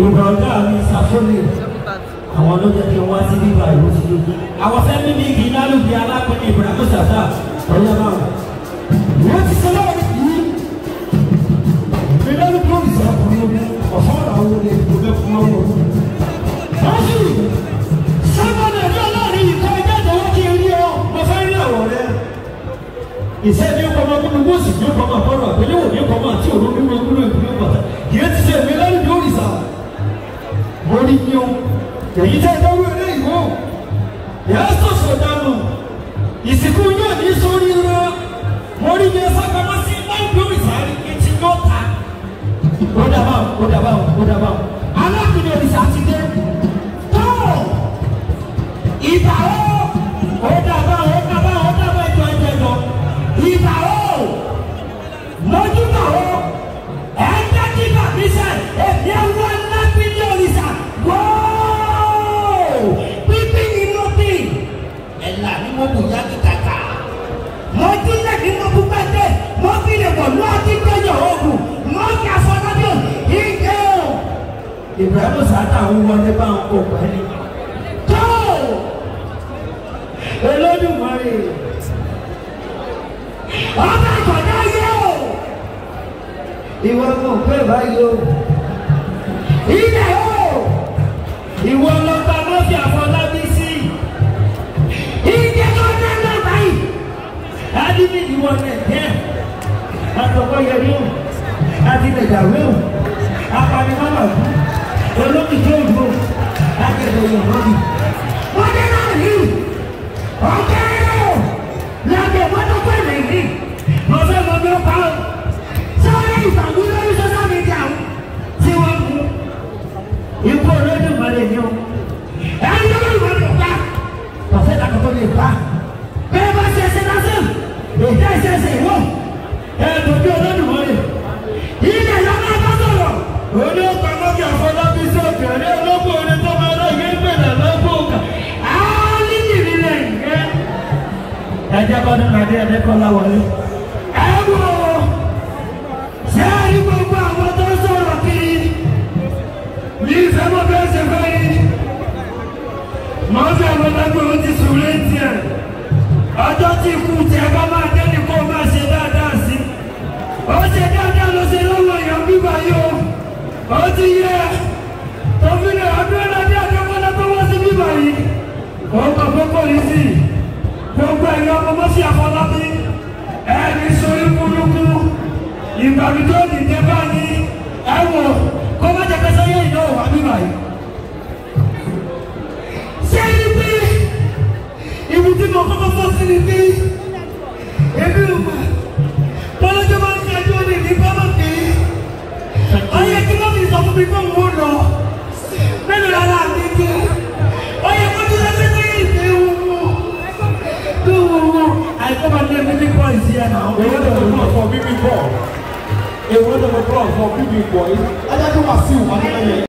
ìgbà ọ̀gá mi sàfúnni àwọn ló jẹ́ kí n wá sí bíbá ìlú sí lójú. àwọn fẹ́mi ní igi náà ló fi alápẹ̀lẹ̀ ìbùràkú sàfà ọ̀yẹ́ máa wọ̀. wọ́n ti sọ lọ́wọ́ yìí ìlú tó ń sọ ọkùnrin ọ̀fọ́ àwọn olè tó bẹ́ fún ọmọ. wọ́n ní ọlọ́run yìí kọ́ ẹgbẹ́ ìdánwò kí n rí ọ mo fẹ́ rí àwọ̀ rẹ. ìṣẹ́bi ni o èyí tẹ́ ẹ dáwọ́ eré ìwọ́ o ìyá sọ̀sọ̀ dànù ìsìnkú yóò ní sórí rẹ mo rí mi ẹsẹ̀ pamọ́ sí láìpẹ́ òrìṣà rí mọ́tò yá kíkàkà. mo kí lẹ́kìn mo kú pẹ́tẹ́ mo kí lè pọ̀ lọ́ọ́ kí tẹ́jọ́ oògùn mo kí afọ́nádùn ike o. Ibrahim Sata ń wọlé bá ń kó pẹ́ẹ́lí. tó Olódùmarè ọba àkọ́dá yẹ o. ìwọ kò pé báyìí o. dájú ní ìdíwọ́ nàìjíríà àtọ̀kọ́ yẹrí o àti ìdàgbé o apanimọ́lá o olókìkí òdo akẹ́kọ̀ọ́ yọ̀ọ́ bì. wọ́n dé náà yìí ọ̀kẹ́ o làbẹ̀ wọ́n tó pẹ̀lẹ́ yìí ọ̀fẹ́ mọ́ pa o. jẹ́ kọ́ ní Nàdé Adékọ́lá wọlé. ẹ wò ó ṣé àyè gbogbo àwọn tó ń sọ̀rọ̀ kiri ní ìfẹ́mọ́ bẹ́ẹ̀ ṣe fẹ́ yìí. mọ́tò àwọn ọlọ́gbọ̀n ó ti sùn létí ẹ̀ ọjọ́ tí ikú tiẹ̀ bá máa dé ní kó máa ṣe dáadáa sí i. ó ṣe dáadáa ló ṣe lọ́wọ́ èèyàn bíbá yóò ó ti yẹ tòfin ọdún ẹ̀rọ ní àdéhùn ọlọ́gbọ̀n wọ́n sí bíbá yìí. ó kọ̀ fún pọ́lísì. ìbẹ̀rù tó dìde bá ní ẹ̀wọ̀n kó má jẹ́ pẹ́sẹ́ yé ìdánwò wá bíbá yìí. ṣé ní pé ibi tí mo kọ́kọ́ fọ́ sí ni pé èmi ò mọ̀ bọ́lọ́jọ́ máa ń ṣe ẹjọ́ ní ìdí pé ọyẹ kí wọ́n fi sọ fún mi pé òun lọ mélòó lára mi jẹ́ ọyẹ kó tún lọ́sẹ̀ pé ìdè òun mọ̀ tó òun mọ̀ àìsàn máa ń lé mímí pọ̀ ìsí ẹ̀ náà òun ò lọ mímí pọ̀ a wonderful applause for big big boys. Ajayi Wasiu Adeleye.